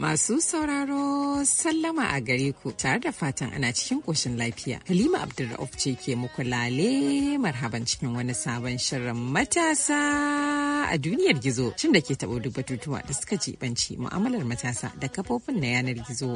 Masu sauraro sallama a gare ku tare da fatan ana cikin ƙoshin lafiya. Halima Abdulrauf ce ke muku lale marhaban cikin wani sabon shirin matasa a duniyar gizo Cinda da ke taɓo duk batutuwa da suka jibanci mu'amalar matasa da kafofin na yanar gizo.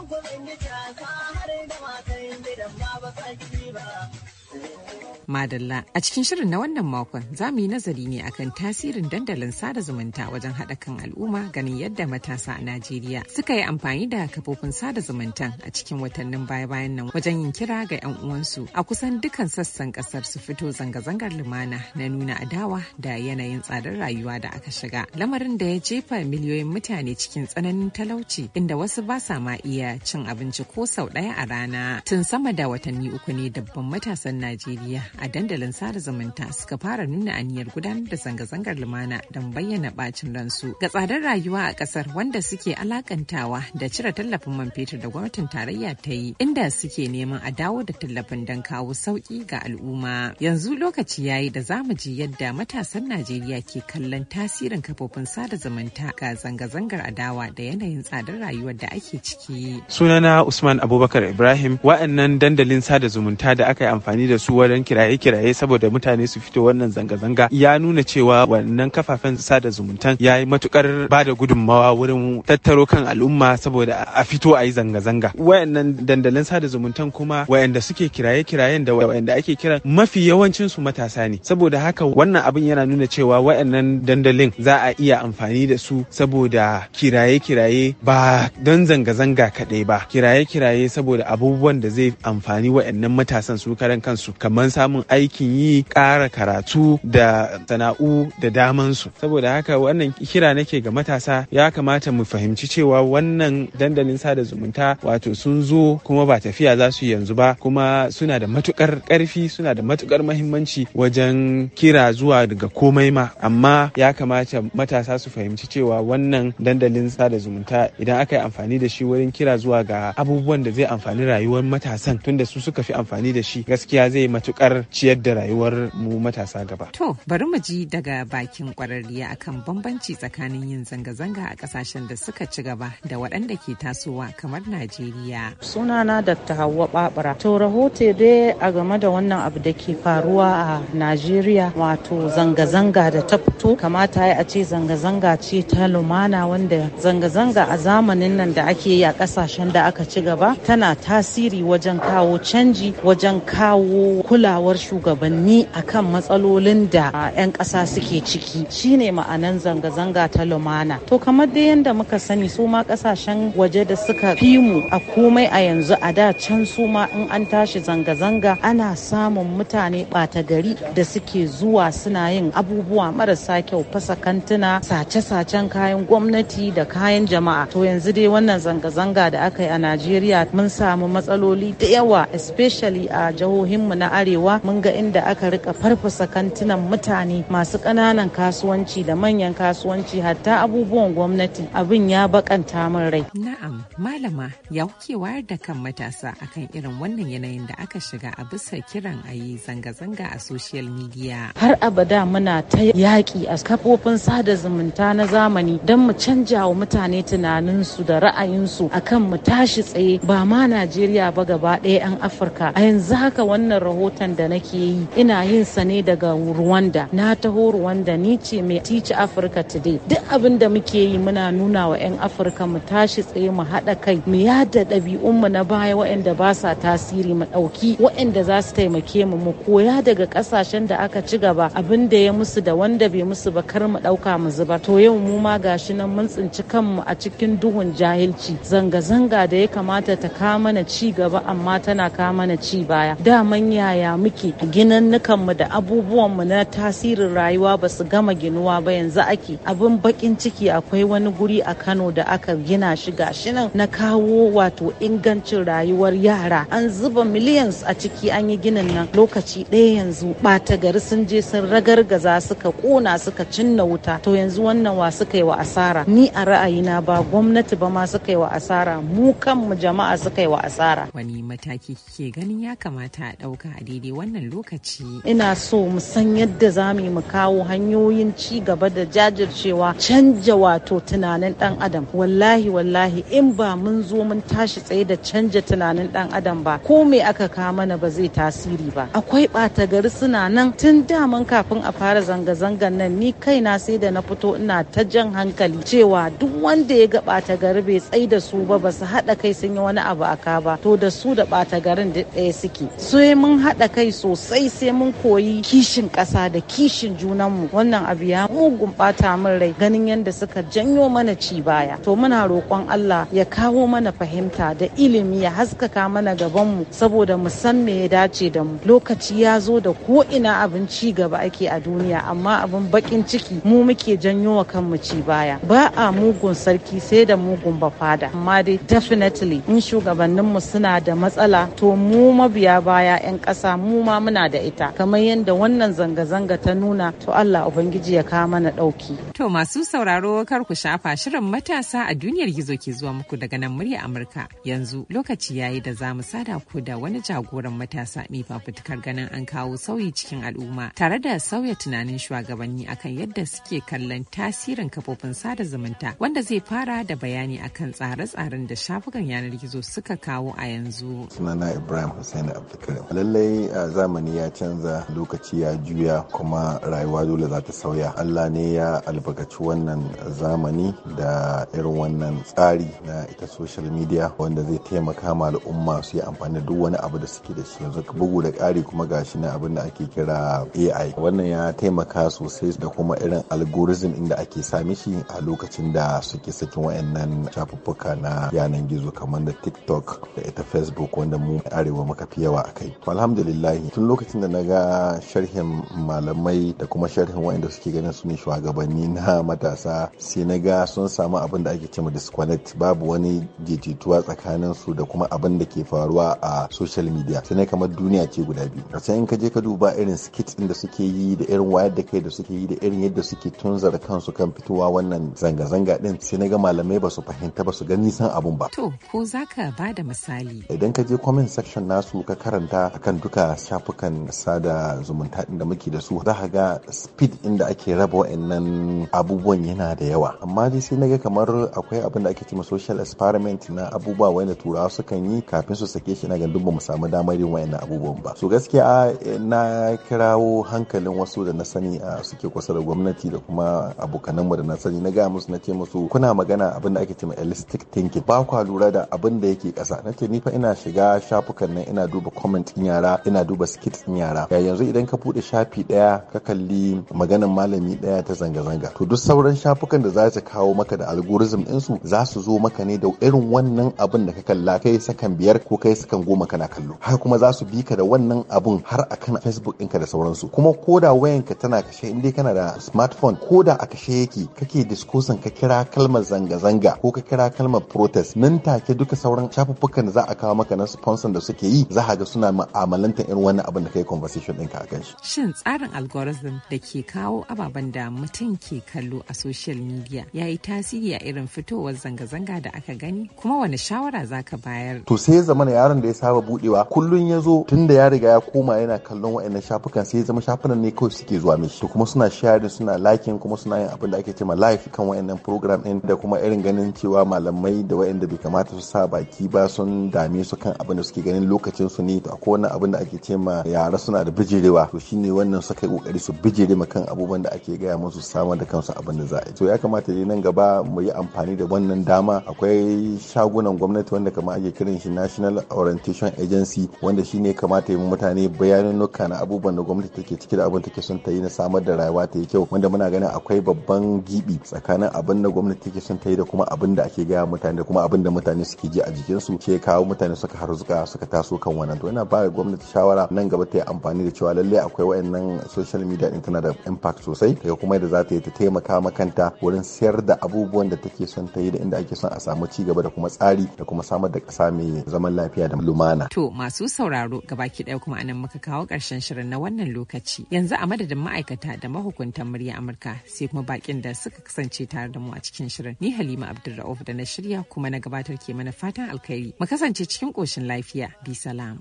gidan kuɗin gida ka har da matan gidan ba ba ka ba. Madalla a cikin shirin na wannan makon za mu yi nazari ne akan tasirin dandalin sada zumunta wajen haɗa kan al'umma ganin yadda matasa a Najeriya suka yi amfani da kafofin sada zumunta a cikin watannin baya-bayan nan wajen yin kira ga 'yan uwansu a kusan dukan sassan kasar su fito zanga-zangar lumana na nuna adawa da yanayin tsadar rayuwa da aka shiga lamarin da ya jefa miliyoyin mutane cikin tsananin talauci inda wasu ba sa ma iya cin abinci ko sau ɗaya a rana tun sama da watanni uku ne dabban matasan Najeriya a dandalin sada zumunta suka fara nuna aniyar gudanar da zanga-zangar lumana don bayyana bacin ransu ga tsadar rayuwa a kasar wanda suke alakantawa da cire tallafin man fetur da gwamnatin tarayya ta yi inda suke neman a dawo da tallafin don kawo sauki ga al'umma yanzu lokaci yayi da zamu ji yadda matasan najeriya ke kallon tasirin kafofin sada zumunta ga zanga-zangar adawa da yanayin tsadar rayuwar da ake ciki sunana usman abubakar ibrahim wa'annan dandalin sada zumunta da aka yi amfani da su wajen kiraye kiraye saboda mutane su fito wannan zanga-zanga ya nuna cewa wannan kafafen sada zumuntan ya yi matukar ba da gudunmawa wurin tattaro kan al'umma saboda a fito a yi zanga-zanga wayannan dandalin sada zumuntan kuma wayanda suke kiraye-kirayen da wayanda ake kira mafi yawancin su matasa ne saboda haka wannan abin yana nuna cewa wayannan dandalin za a iya amfani da su saboda kiraye-kiraye ba don zanga-zanga kaɗai ba kiraye-kiraye saboda abubuwan da zai amfani wayannan matasan su karan kansu kamar samun samun aikin yi ƙara karatu da sana'u da damansu saboda haka wannan kira nake ga matasa ya kamata mu fahimci cewa wannan dandalin sada zumunta wato sun zo kuma ba tafiya za su yanzu ba kuma suna da matukar karfi suna da matukar mahimmanci wajen kira zuwa daga komai ma amma ya kamata matasa su fahimci cewa wannan dandalin sada zumunta idan aka yi amfani da shi wurin kira zuwa ga abubuwan da zai amfani rayuwar matasan tunda su suka fi amfani da shi gaskiya zai matukar ciyar da rayuwar mu matasa gaba. To bari mu ji daga bakin kwararriya akan bambanci tsakanin yin zanga-zanga a kasashen da suka ci gaba da waɗanda ke tasowa kamar Najeriya. Sunana Dr. Hauwa Babura. To rahoto dai a game da wannan abu da ke faruwa a Najeriya wato zanga-zanga da ta fito kamata ya a ce zanga-zanga ce ta lumana wanda zanga-zanga a zamanin nan da ake yi a kasashen da aka ci gaba tana tasiri wajen kawo canji wajen kawo kulawa gazawar shugabanni kan matsalolin da 'yan ƙasa suke ciki shine ma'anan zanga-zanga ta lumana to kamar dai yadda muka sani su ma ƙasashen waje da suka fi mu a komai a yanzu a da can su ma in an tashi zanga-zanga ana samun mutane ɓata gari da suke zuwa suna yin abubuwa marasa kyau fasa kantuna sace-sacen kayan gwamnati da kayan jama'a to yanzu dai wannan zanga-zanga da aka yi a najeriya mun samu matsaloli da yawa especially a jihohinmu na arewa mun ga inda aka rika farfasa kantinan mutane masu ƙananan kasuwanci da manyan kasuwanci hatta abubuwan gwamnati abin ya bakanta min rai na'am malama ya kuke wayar da kan matasa akan irin wannan yanayin da aka shiga a bisa kiran a yi zanga-zanga a social media har abada muna ta yaƙi a kafofin sada zumunta na zamani don mu canja wa mutane tunaninsu da ra'ayinsu akan mu tashi tsaye ba ma najeriya ba gaba ɗaya 'yan afirka a yanzu haka wannan rahoton da nake yi ina yin sa ne daga Rwanda na taho Rwanda ni ce mai Teach Africa Today duk abin da muke yi muna nuna wa 'yan Afirka mu tashi tsaye mu haɗa kai mu yada ɗabi'un mu na baya waɗanda ba sa tasiri mu ɗauki waɗanda za su taimake mu mu koya daga ƙasashen da aka ci gaba abin da ya musu da wanda bai musu ba kar mu ɗauka mu zuba to yau mu ma gashi nan mun tsinci kanmu a cikin duhun jahilci zanga-zanga da ya kamata ta kama na ci gaba amma tana kama na ci baya da manyaya muke yake ginannukanmu da abubuwanmu na tasirin rayuwa ba su gama ginuwa ba yanzu ake abin bakin ciki akwai wani guri a kano da aka gina shi gashi nan na kawo wato ingancin rayuwar yara an zuba millions a ciki an yi ginin nan lokaci ɗaya yanzu ɓata gari sun je sun ragargaza suka ƙona suka cinna wuta to yanzu wannan wa suka yi wa asara ni a ra'ayina ba gwamnati ba ma suka yi wa asara mu kanmu jama'a suka yi wa asara wani mataki ke ganin ya kamata a ɗauka a daidai wannan lokaci. Ina so mu san yadda za mu mu kawo hanyoyin ci gaba da jajircewa canja wato tunanin dan adam. Wallahi wallahi in ba mun zo mun tashi tsaye da canja tunanin dan adam ba ko me aka kawo mana ba zai tasiri ba. Akwai ɓata gari suna nan tun daman kafin a fara zanga-zangan nan ni kaina sai da na fito ina ta jan hankali cewa duk wanda ya ga ɓata gari bai tsai da su ba ba su haɗa kai sun yi wani abu a ka ba to da su da ɓata garin duk ɗaya suke. Sai mun haɗa kai sosai sai mun koyi kishin ƙasa da kishin junanmu wannan abu ya mugun ɓata min rai ganin yadda suka janyo mana ci baya to muna roƙon Allah ya kawo mana fahimta da ilimi ya haskaka mana gabanmu saboda mu san me ya dace da mu lokaci ya zo da ko ina abin ci gaba ake a duniya amma abin bakin ciki mu muke janyo wa kanmu ci baya ba a mugun sarki sai da mugun bafada amma dai definitely in shugabanninmu suna da matsala to mu mabiya baya 'yan ƙasa mu ma muna da ita kamar yadda wannan zanga-zanga ta nuna to Allah ubangiji ya kawo mana ɗauki. To masu sauraro kar ku shafa shirin matasa a duniyar gizo ke zuwa muku daga nan murya Amurka yanzu lokaci ya yi da za mu sada ku da wani jagoran matasa mai fafutukar ganin an kawo sauyi cikin al'umma tare da sauya tunanin shugabanni akan yadda suke kallon tasirin kafofin sada zumunta wanda zai fara da bayani akan tsare-tsaren da shafukan yanar gizo suka kawo a yanzu. Sunana Ibrahim Hussein Abdulkarim. Lallai zamani ya canza lokaci ya juya kuma rayuwa dole za ta sauya allah ne ya albarkaci wannan zamani da irin wannan tsari na ita social media wanda zai taimaka ma al'umma su yi amfani da duk wani abu da suke da shi yanzu bugu da ƙari kuma ga shi na abin da ake kira ai wannan ya taimaka sosai da kuma irin algorithm inda ake sami shi a lokacin da suke sakin wayannan shafuffuka na yanar gizo kamar da tiktok da ita facebook wanda mu arewa muka fi yawa a kai alhamdulillah yi tun lokacin da na ga sharhin malamai da kuma sharhin waɗanda suke ganin su ne shugabanni na matasa sai na ga sun samu abin da ake cewa disconnect babu wani jejituwa tsakanin su da kuma abin da ke faruwa a social media sai kamar duniya ce guda biyu sai in ka je ka duba irin skits din da suke yi da irin wayar da kai da suke yi da irin yadda suke tunzara kansu kan fitowa wannan zanga-zanga din sai na ga malamai ba su fahimta ba su gani san abun ba to ko zaka ba da misali idan ka je comment section nasu ka karanta akan duka shafukan sada zumunta da muke da su za ga speed inda ake raba wa'annan abubuwan yana da yawa amma dai sai naga kamar akwai abin da ake cewa social experiment na abubuwa wanda turawa sukan yi kafin su sake shi na ga ba mu samu damar yin wa'annan abubuwan ba so gaskiya eh, na kirawo hankalin wasu da na sani a ah, suke kusa da gwamnati da kuma abokananmu da na sani na gaya musu na ce musu kuna magana abin da ake cewa elastic thinking ba kwa lura da abin da yake kasa na ce ni fa ina shiga shafukan nan ina duba comment yara ina duba basket ɗin yara ya yanzu idan ka buɗe shafi ɗaya ka kalli maganin malami ɗaya ta zanga-zanga to duk sauran shafukan da za su kawo maka da algorithm ɗinsu za su zo maka ne da irin wannan abun da ka kalla kai sakan biyar ko kai sakan goma kana kallo haka kuma za su bi ka da wannan abun har akan facebook ɗinka da sauransu kuma ko da wayanka tana kashe in dai kana da smartphone da a kashe yake kake diskusin ka kira kalmar zanga-zanga ko ka kira kalmar protest nan take duka sauran shafukan da za a kawo maka na sponsor da suke yi za ga suna mu'amalanta irin wani abin da kai conversation ɗinka a kan shi. Shin tsarin algorithm da ke kawo ababen da mutum ke kallo a social media ya yi tasiri a irin fitowar zanga-zanga da aka gani kuma wani shawara za ka bayar? To sai ya zama yaron da ya saba budewa kullum ya zo tun da ya riga ya koma yana kallon wa'annan shafukan sai ya zama shafunan ne kawai suke zuwa mishi to kuma suna sharing suna liking kuma suna yin abin da ake cewa live kan wa'annan program ɗin da kuma irin ganin cewa malamai da wa'anda bai kamata su sa baki ba sun dame su kan abin da suke ganin lokacin su ne to akwai wani abin da ake ce ma yara suna da bijirewa to shine wannan suka yi kokari su bijire ma kan abubuwan da ake gaya musu samar da kansu abin da za a yi to ya kamata ne nan gaba mu yi amfani da wannan dama akwai shagunan gwamnati wanda kamar ake kiran shi National Orientation Agency wanda shine kamata ya mutane bayanunuka na abubuwan da gwamnati take ciki da abin take son ta yi na samar da rayuwa ta yi kyau wanda muna ganin akwai babban gibi tsakanin abin da gwamnati take son ta yi da kuma abin da ake gaya mutane da kuma abin da mutane suke ji a jikinsu ke kawo mutane suka harzuka suka taso kan wannan to ina ba gwamnati shawara nan gaba ta yi amfani da cewa lallai akwai wayannan social media din tana da impact sosai daga kuma yadda za ta yi ta taimaka makanta wurin siyar da abubuwan da take son ta yi da inda ake son a samu ci gaba da kuma tsari da kuma samar da ƙasa mai zaman lafiya da lumana. To masu sauraro gabaki ɗaya kuma anan muka kawo ƙarshen shirin na wannan lokaci yanzu a madadin ma'aikata da mahukuntan murya Amurka sai kuma bakin da suka kasance tare da mu a cikin shirin ni Halima Abdulra'uf da na shirya kuma na gabatar ke mana fatan alkhairi mu kasance cikin ƙoshin lafiya bi salam.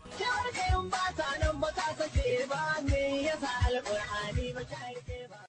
ranar baka sake ba me yasa alƙur'ani ba ta